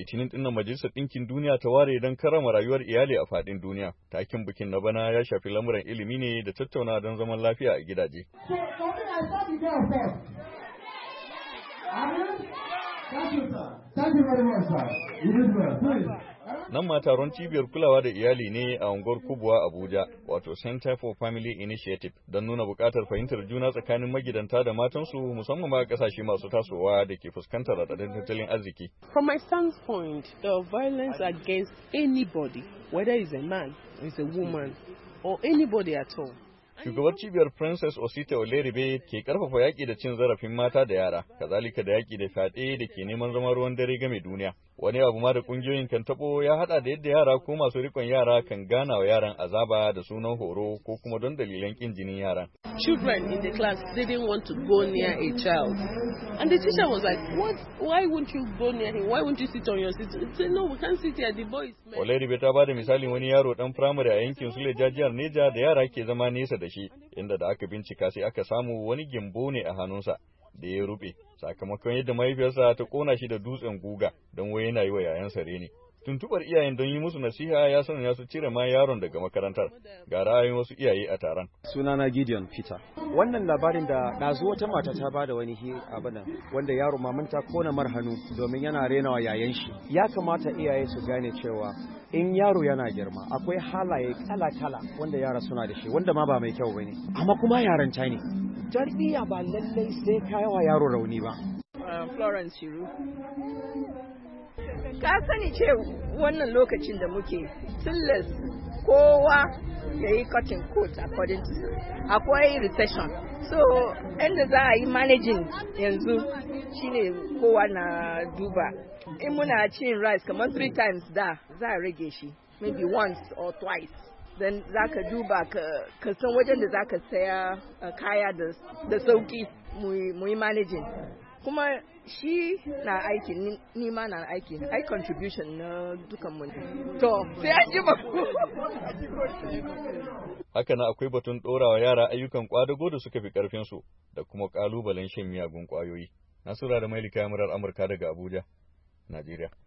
Litinin ɗinnan Majalisar Ɗinkin Duniya ta ware don karama rayuwar iyali a faɗin duniya. Takin bikin na bana ya shafi lamuran ilimi ne da tattauna don zaman lafiya a gidaje. Thank you, sir. Nan ma taron cibiyar kulawa da iyali ne a unguwar Kubuwa Abuja, wato Center for Family Initiative, don nuna buƙatar fahimtar juna tsakanin magidanta da matansu musamman ma kasashe masu tasowa da ke fuskantar raɗaɗin tattalin arziki. From my standpoint, the violence against anybody, whether is a man, is a woman, or anybody at all, Shugabar cibiyar Princess Osita Oleribe ke karfafa yaƙi da cin zarafin mata da yara, kazalika da yaƙi da fyaɗe da ke neman zama ruwan dare game duniya. wani abu ma da kungiyoyin kan tabo ya hada da yadda yara ko masu rikon yara kan gana wa yaran azaba da sunan horo ko kuma don dalilan kin jinin yaran children in the class didn't want to go near a child and the teacher was like what why won't you go near him why won't you sit on your seat he said no we can't sit here the boy is mad Oleribe ta bada misalin wani yaro dan primary a yankin Sule Jajiyar Neja da yara ke zama nesa da shi inda da aka bincika sai aka samu wani gimbo ne a hannunsa da ya rube sakamakon yadda mahaifiyarsa ta kona shi da dutsen guga don wai yana yi wa yayansa rene. tuntubar iyayen don yi musu nasiha ya sanya su cire ma yaron daga makarantar ga ra'ayin wasu iyaye a taron sunana gideon peter wannan labarin da zo wata mata ta bada wani hi abana wanda yaro maman ta kona mar hannu domin yana renawa yayan shi ya kamata iyaye su gane cewa in yaro yana girma akwai halaye kala kala wanda yara suna da shi wanda ma ba mai kyau bane amma kuma yaranta ne tarbiyya ba lallai sai kayawa yaro rauni ba uh, florence shiru ka sani ce wannan lokacin da muke tillas kowa ya yi cutting coat according to akwai recession so inda za a yi managing yanzu shine kowa na duba in muna cin rice kamar three times da za a rage shi maybe once or twice dan zaka duba ka san wajen da zaka saya uh, kaya da sauki mu yi managing kuma shi na aiki ni na aiki ai contribution na dukan mun to sai an ji haka na akwai batun dorawa yara ayyukan kwadago da suka fi karfin su da kuma kalubalen shan miyagun kwayoyi nasura da mailika murar amurka daga abuja najeriya